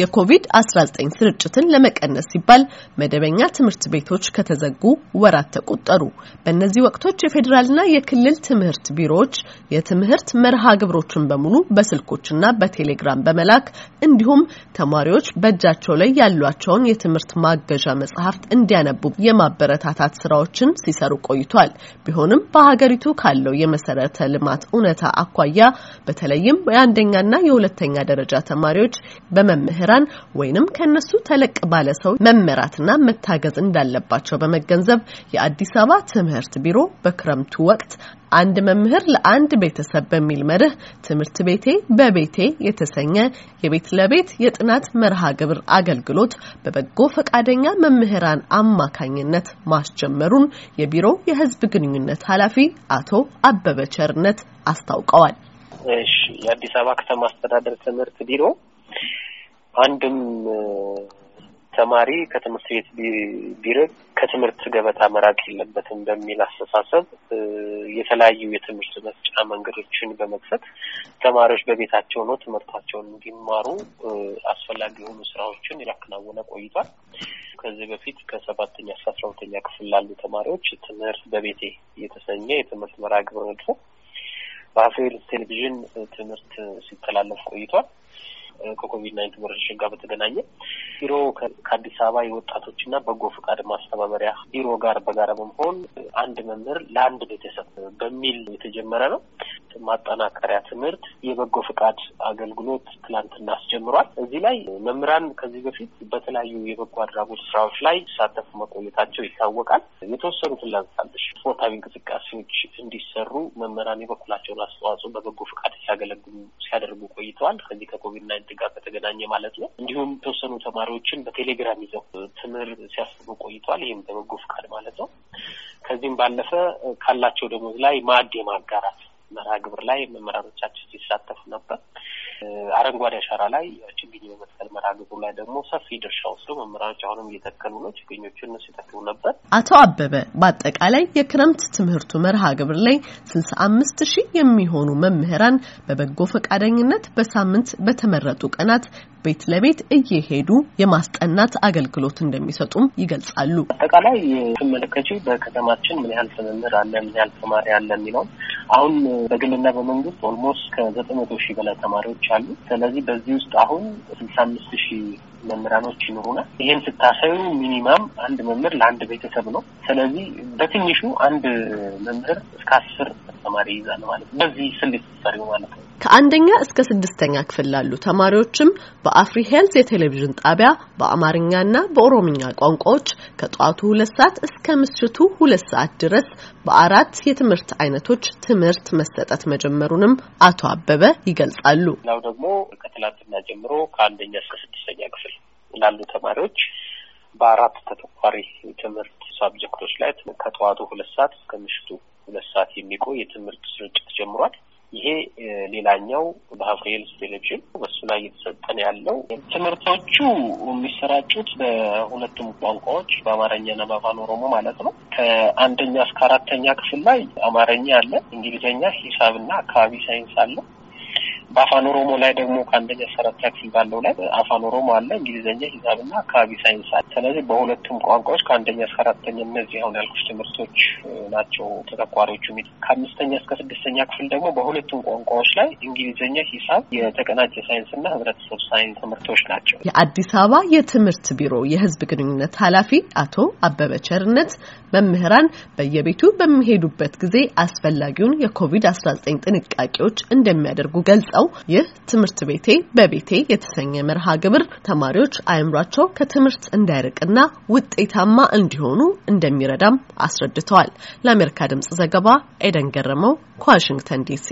የኮቪድ-19 ስርጭትን ለመቀነስ ሲባል መደበኛ ትምህርት ቤቶች ከተዘጉ ወራት ተቆጠሩ። በእነዚህ ወቅቶች የፌዴራልና የክልል ትምህርት ቢሮዎች የትምህርት መርሃ ግብሮችን በሙሉ በስልኮችና በቴሌግራም በመላክ እንዲሁም ተማሪዎች በእጃቸው ላይ ያሏቸውን የትምህርት ማገዣ መጽሐፍት እንዲያነቡ የማበረታታት ስራዎችን ሲሰሩ ቆይቷል። ቢሆንም በሀገሪቱ ካለው የመሰረተ ልማት እውነታ አኳያ በተለይም የአንደኛና የሁለተኛ ደረጃ ተማሪዎች በመምህር መምህራን ወይንም ከነሱ ተለቅ ባለ ሰው መመራትና መታገዝ እንዳለባቸው በመገንዘብ የአዲስ አበባ ትምህርት ቢሮ በክረምቱ ወቅት አንድ መምህር ለአንድ ቤተሰብ በሚል መርህ ትምህርት ቤቴ በቤቴ የተሰኘ የቤት ለቤት የጥናት መርሃ ግብር አገልግሎት በበጎ ፈቃደኛ መምህራን አማካኝነት ማስጀመሩን የቢሮው የሕዝብ ግንኙነት ኃላፊ አቶ አበበ ቸርነት አስታውቀዋል። እሺ፣ የአዲስ አበባ ከተማ አስተዳደር ትምህርት ቢሮ አንድም ተማሪ ከትምህርት ቤት ቢርቅ ከትምህርት ገበታ መራቅ የለበትም በሚል አስተሳሰብ የተለያዩ የትምህርት መስጫ መንገዶችን በመክፈት ተማሪዎች በቤታቸው ነው ትምህርታቸውን እንዲማሩ አስፈላጊ የሆኑ ስራዎችን ያከናወነ ቆይቷል። ከዚህ በፊት ከሰባተኛ እስከ አስራ ሁለተኛ ክፍል ላሉ ተማሪዎች ትምህርት በቤቴ የተሰኘ የትምህርት መርሃ ግብር ነድፎ በአፌል ቴሌቪዥን ትምህርት ሲተላለፍ ቆይቷል። ከኮቪድ ናይንቲን ወረርሽኝ ጋር በተገናኘ ቢሮ ከአዲስ አበባ የወጣቶችና በጎ ፈቃድ ማስተባበሪያ ቢሮ ጋር በጋራ በመሆን አንድ መምህር ለአንድ ቤተሰብ በሚል የተጀመረ ነው። ትምህርት ማጠናከሪያ ትምህርት የበጎ ፍቃድ አገልግሎት ትላንትና አስጀምሯል። እዚህ ላይ መምህራን ከዚህ በፊት በተለያዩ የበጎ አድራጎት ስራዎች ላይ ሲሳተፉ መቆየታቸው ይታወቃል። የተወሰኑትን ላንሳለሽ። ስፖርታዊ እንቅስቃሴዎች እንዲሰሩ መምህራን የበኩላቸውን አስተዋጽኦ በበጎ ፍቃድ ሲያገለግሉ ሲያደርጉ ቆይተዋል። ከዚህ ከኮቪድ ናይንቲን ጋር በተገናኘ ማለት ነው። እንዲሁም የተወሰኑ ተማሪዎችን በቴሌግራም ይዘው ትምህርት ሲያስቡ ቆይተዋል። ይህም በበጎ ፍቃድ ማለት ነው። ከዚህም ባለፈ ካላቸው ደሞዝ ላይ ማዕድ የማጋራት መርሃ ግብር ላይ መምህራኖቻችን ሲሳተፉ ነበር። አረንጓዴ አሻራ ላይ ችግኝ በመትከል መርሃ ግብሩ ላይ ደግሞ ሰፊ ድርሻ ወስዶ መምህራኖች አሁንም እየተከሉ ነው። ችግኞቹ እነሱ ይተክሉ ነበር። አቶ አበበ በአጠቃላይ የክረምት ትምህርቱ መርሃ ግብር ላይ ስልሳ አምስት ሺህ የሚሆኑ መምህራን በበጎ ፈቃደኝነት በሳምንት በተመረጡ ቀናት ቤት ለቤት እየሄዱ የማስጠናት አገልግሎት እንደሚሰጡም ይገልጻሉ። አጠቃላይ ስመለከቺ በከተማችን ምን ያህል መምህር አለ፣ ምን ያህል ተማሪ አለ የሚለውን አሁን በግልና በመንግስት ኦልሞስት ከዘጠኝ መቶ ሺህ በላይ ተማሪዎች አሉ። ስለዚህ በዚህ ውስጥ አሁን ስልሳ አምስት ሺህ መምህራኖች ይኖሩናል። ይህን ስታሳዩ ሚኒማም አንድ መምህር ለአንድ ቤተሰብ ነው። ስለዚህ በትንሹ አንድ መምህር እስከ አስር ተማሪ ይይዛል ማለት ነው። በዚህ ስልት ሰሪው ማለት ነው። ከአንደኛ እስከ ስድስተኛ ክፍል ላሉ ተማሪዎችም በአፍሪ ሄልዝ የቴሌቪዥን ጣቢያ በአማርኛና በኦሮምኛ ቋንቋዎች ከጠዋቱ ሁለት ሰዓት እስከ ምሽቱ ሁለት ሰዓት ድረስ በአራት የትምህርት አይነቶች ትምህርት መሰጠት መጀመሩንም አቶ አበበ ይገልጻሉ። ሌላው ደግሞ ከትላንትና ጀምሮ ከአንደኛ እስከ ስድስተኛ ክፍል ላሉ ተማሪዎች በአራት ተጠቋሪ ትምህርት ሳብጀክቶች ላይ ከጠዋቱ ሁለት ሰዓት እስከ ምሽቱ ሁለት ሰዓት የሚቆይ የትምህርት ስርጭት ጀምሯል። ይሄ ሌላኛው በሀፍሬል ቴሌቪዥን በሱ ላይ እየተሰጠን ያለው ትምህርቶቹ የሚሰራጩት በሁለቱም ቋንቋዎች በአማርኛና በአፋን ኦሮሞ ማለት ነው። ከአንደኛ እስከ አራተኛ ክፍል ላይ አማርኛ አለ፣ እንግሊዝኛ፣ ሂሳብና አካባቢ ሳይንስ አለ። በአፋን ኦሮሞ ላይ ደግሞ ከአንደኛ ሰረት ታክሲ ባለው ላይ አፋን ኦሮሞ አለ፣ እንግሊዝኛ፣ ሂሳብና አካባቢ ሳይንስ አለ። ስለዚህ በሁለቱም ቋንቋዎች ከአንደኛ እስከ አራተኛ እነዚህ አሁን ያልኩሽ ትምህርቶች ናቸው ተተኳሪዎቹ ሚ ከአምስተኛ እስከ ስድስተኛ ክፍል ደግሞ በሁለቱም ቋንቋዎች ላይ እንግሊዝኛ፣ ሂሳብ፣ የተቀናጀ ሳይንስና ህብረተሰብ ሳይንስ ትምህርቶች ናቸው። የአዲስ አበባ የትምህርት ቢሮ የህዝብ ግንኙነት ኃላፊ አቶ አበበ ቸርነት መምህራን በየቤቱ በሚሄዱበት ጊዜ አስፈላጊውን የኮቪድ አስራ ዘጠኝ ጥንቃቄዎች እንደሚያደርጉ ገልጸው የወጣው ይህ ትምህርት ቤቴ በቤቴ የተሰኘ መርሃ ግብር ተማሪዎች አእምሯቸው ከትምህርት እንዳይርቅና ውጤታማ እንዲሆኑ እንደሚረዳም አስረድተዋል። ለአሜሪካ ድምጽ ዘገባ ኤደን ገረመው ከዋሽንግተን ዲሲ